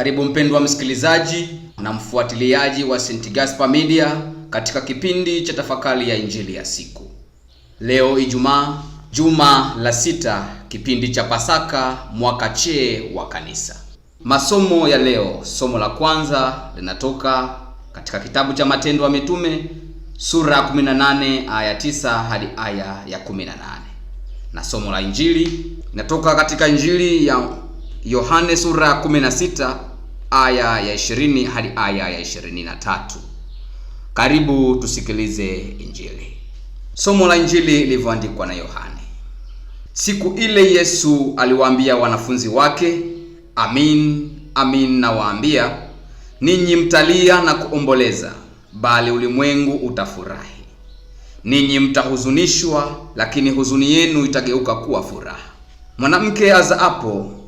Karibu mpendwa msikilizaji na mfuatiliaji wa St. Gaspar Media katika kipindi cha tafakari ya injili ya siku. Leo Ijumaa, juma la sita, kipindi cha Pasaka, mwaka C wa Kanisa. Masomo ya leo, somo la kwanza linatoka katika kitabu cha Matendo ya Mitume sura ya 18 aya 9 hadi aya ya 18, na somo la injili linatoka katika injili ya Yohane sura ya aya ya 20 hadi aya ya 23. Karibu tusikilize Injili. Somo la Injili lilivyoandikwa na Yohane. Siku ile Yesu aliwaambia wanafunzi wake, amin amin nawaambia, ninyi mtalia na kuomboleza, bali ulimwengu utafurahi. Ninyi mtahuzunishwa, lakini huzuni yenu itageuka kuwa furaha. Mwanamke azaapo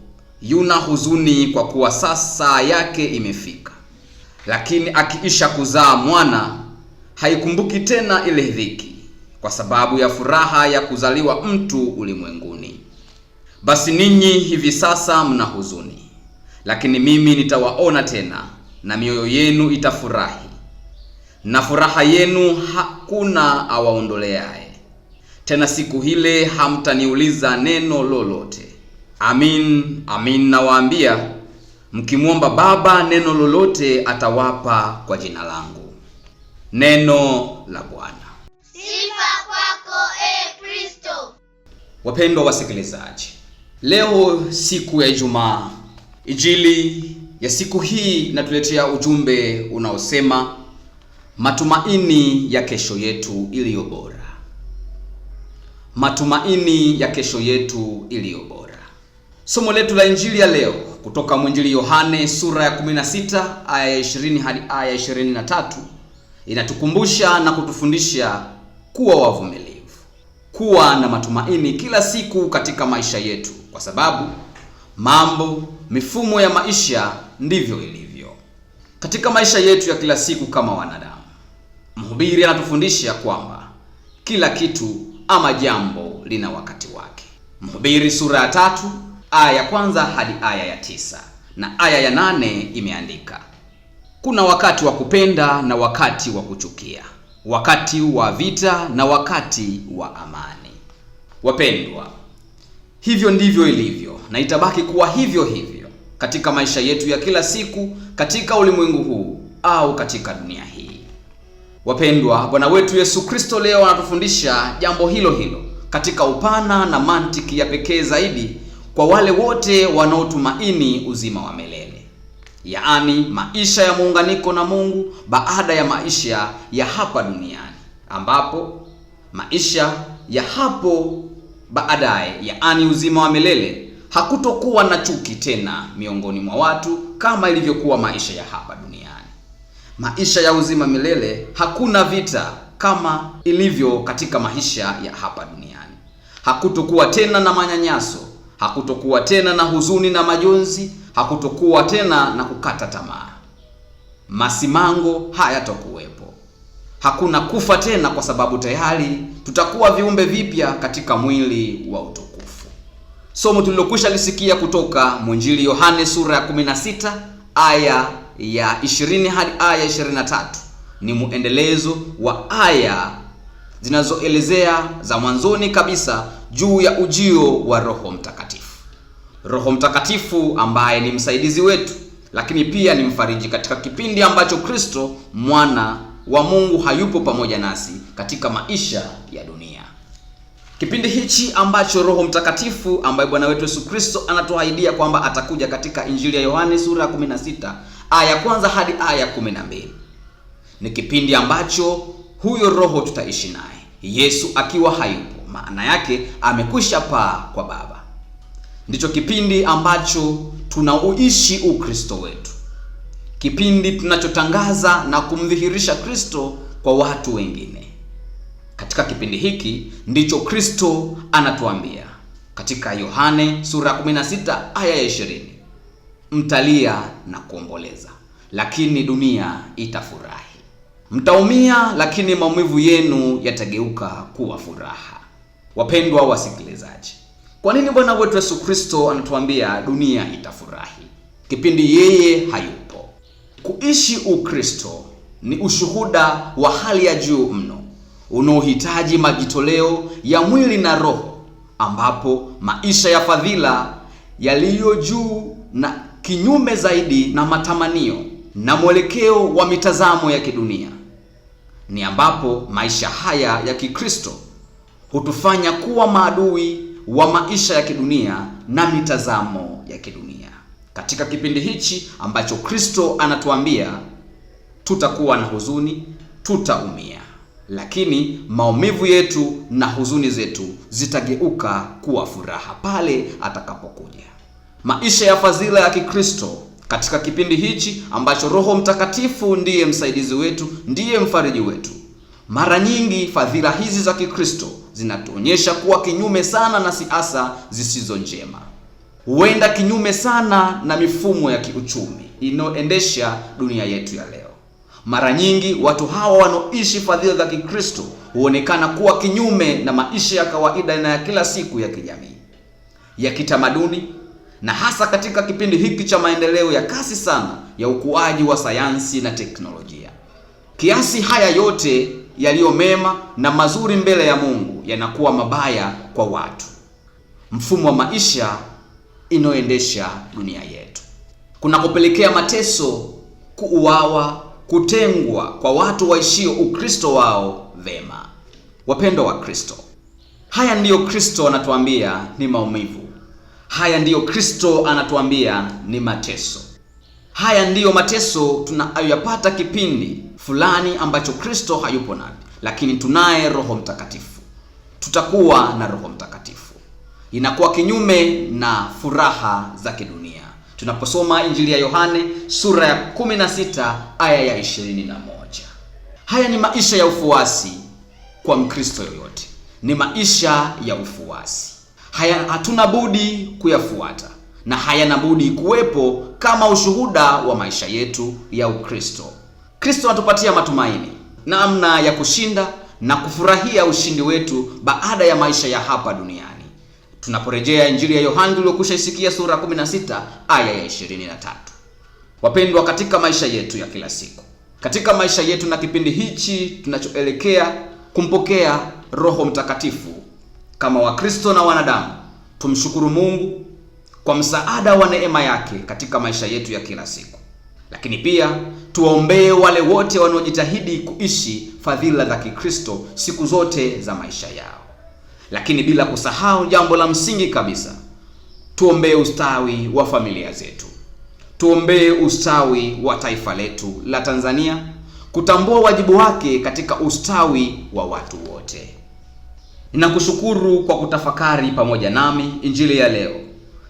yuna huzuni kwa kuwa sasa yake imefika, lakini akiisha kuzaa mwana haikumbuki tena ile dhiki kwa sababu ya furaha ya kuzaliwa mtu ulimwenguni. Basi ninyi hivi sasa mna huzuni, lakini mimi nitawaona tena, na mioyo yenu itafurahi, na furaha yenu hakuna awaondoleaye. Tena siku hile hamtaniuliza neno lolote. Amin, amin nawaambia, mkimwomba Baba neno lolote atawapa kwa jina langu. Neno la Bwana. Sifa kwako e Kristo. Wapendwa wasikilizaji, leo siku ya Ijumaa, Injili ya siku hii inatuletea ujumbe unaosema matumaini ya kesho yetu iliyo bora, matumaini ya kesho yetu iliyo bora. Somo letu la injili ya leo kutoka mwinjili Yohane sura ya 16 aya ya 20 hadi aya ya 23 inatukumbusha na kutufundisha kuwa wavumilivu, kuwa na matumaini kila siku katika maisha yetu, kwa sababu mambo, mifumo ya maisha ndivyo ilivyo katika maisha yetu ya kila siku kama wanadamu. Mhubiri anatufundisha kwamba kila kitu ama jambo lina wakati wake. Mhubiri sura ya tatu aya ya kwanza hadi aya ya tisa na aya ya nane imeandika kuna wakati wa kupenda na wakati wa kuchukia, wakati wa vita na wakati wa amani. Wapendwa, hivyo ndivyo ilivyo na itabaki kuwa hivyo hivyo katika maisha yetu ya kila siku, katika ulimwengu huu au katika dunia hii. Wapendwa, Bwana wetu Yesu Kristo leo anatufundisha jambo hilo hilo katika upana na mantiki ya pekee zaidi kwa wale wote wanaotumaini uzima wa milele, yaani maisha ya muunganiko na Mungu baada ya maisha ya hapa duniani, ambapo maisha ya hapo baadaye, yaani uzima wa milele, hakutokuwa na chuki tena miongoni mwa watu kama ilivyokuwa maisha ya hapa duniani. Maisha ya uzima milele, hakuna vita kama ilivyo katika maisha ya hapa duniani. Hakutokuwa tena na manyanyaso hakutokuwa tena na huzuni na majonzi, hakutokuwa tena na kukata tamaa, masimango hayatakuwepo, hakuna kufa tena, kwa sababu tayari tutakuwa viumbe vipya katika mwili wa utukufu. Somo tulilokwisha lisikia kutoka mwinjili Yohane sura ya 16 aya ya 20 hadi aya 23 ni muendelezo wa aya zinazoelezea za mwanzoni kabisa juu ya ujio wa Roho Mtakatifu. Roho Mtakatifu ambaye ni msaidizi wetu, lakini pia ni mfariji katika kipindi ambacho Kristo mwana wa Mungu hayupo pamoja nasi katika maisha ya dunia. Kipindi hichi ambacho Roho Mtakatifu ambaye Bwana wetu Yesu Kristo anatuahidia kwamba atakuja katika Injili ya Yohane sura ya 16 aya kwanza hadi aya 12. Ni kipindi ambacho huyo Roho tutaishi naye, Yesu akiwa hayupo maana yake amekwisha paa kwa Baba. Ndicho kipindi ambacho tunauishi Ukristo wetu, kipindi tunachotangaza na kumdhihirisha Kristo kwa watu wengine. Katika kipindi hiki ndicho Kristo anatuambia katika Yohane sura ya 16 aya ya 20, mtalia na kuomboleza, lakini dunia itafurahi. Mtaumia, lakini maumivu yenu yatageuka kuwa furaha. Wapendwa wasikilizaji, kwa nini Bwana wetu Yesu Kristo anatuambia dunia itafurahi kipindi yeye hayupo? Kuishi Ukristo ni ushuhuda wa hali ya juu mno unaohitaji majitoleo ya mwili na roho, ambapo maisha ya fadhila yaliyo juu na kinyume zaidi na matamanio na mwelekeo wa mitazamo ya kidunia ni ambapo maisha haya ya Kikristo hutufanya kuwa maadui wa maisha ya kidunia na mitazamo ya kidunia. Katika kipindi hichi ambacho Kristo anatuambia tutakuwa na huzuni, tutaumia, lakini maumivu yetu na huzuni zetu zitageuka kuwa furaha pale atakapokuja. Maisha ya fadhila ya Kikristo katika kipindi hichi ambacho Roho Mtakatifu ndiye msaidizi wetu, ndiye mfariji wetu. Mara nyingi fadhila hizi za Kikristo zinatuonyesha kuwa kinyume sana na siasa zisizo njema, huenda kinyume sana na mifumo ya kiuchumi inayoendesha dunia yetu ya leo. Mara nyingi watu hawa wanaoishi fadhila za Kikristo huonekana kuwa kinyume na maisha ya kawaida na ya kila siku ya kijamii, ya kitamaduni na hasa katika kipindi hiki cha maendeleo ya kasi sana ya ukuaji wa sayansi na teknolojia. Kiasi haya yote yaliyo mema na mazuri mbele ya Mungu yanakuwa mabaya kwa watu. Mfumo wa maisha inayoendesha dunia yetu kunakopelekea mateso, kuuawa, kutengwa kwa watu waishio Ukristo wao vema. Wapendo wa Kristo, haya ndiyo Kristo anatuambia ni maumivu. Haya ndiyo Kristo anatuambia ni mateso. Haya ndiyo mateso tunayoyapata kipindi fulani ambacho Kristo hayupo nani, lakini tunaye Roho Mtakatifu, tutakuwa na Roho Mtakatifu. Inakuwa kinyume na furaha za kidunia tunaposoma Injili ya Yohane sura ya 16 aya ya 21. Haya ni maisha ya ufuasi kwa Mkristo yoyote, ni maisha ya ufuasi haya, hatuna budi kuyafuata na hayana budi kuwepo kama ushuhuda wa maisha yetu ya Ukristo. Kristo anatupatia matumaini, namna ya kushinda na kufurahia ushindi wetu baada ya maisha ya hapa duniani, tunaporejea Injili ya Yohana uliyokwisha isikia sura 16 aya ya 23. Wapendwa, katika maisha yetu ya kila siku, katika maisha yetu na kipindi hichi tunachoelekea kumpokea Roho Mtakatifu kama Wakristo na wanadamu, tumshukuru Mungu kwa msaada wa neema yake katika maisha yetu ya kila siku. Lakini pia tuwaombee wale wote wanaojitahidi kuishi fadhila za Kikristo siku zote za maisha yao. Lakini bila kusahau jambo la msingi kabisa, tuombee ustawi wa familia zetu, tuombee ustawi wa taifa letu la Tanzania, kutambua wajibu wake katika ustawi wa watu wote. Ninakushukuru kwa kutafakari pamoja nami injili ya leo.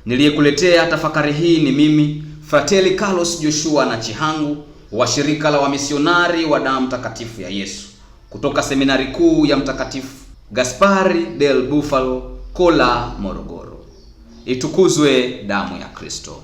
Niliyekuletea tafakari hii ni mimi Frateli Carlos Joshua na Chihangu wa shirika la wamisionari wa, damu takatifu ya Yesu kutoka seminari kuu ya Mtakatifu Gaspari del Bufalo Kola, Morogoro. Itukuzwe damu ya Kristo!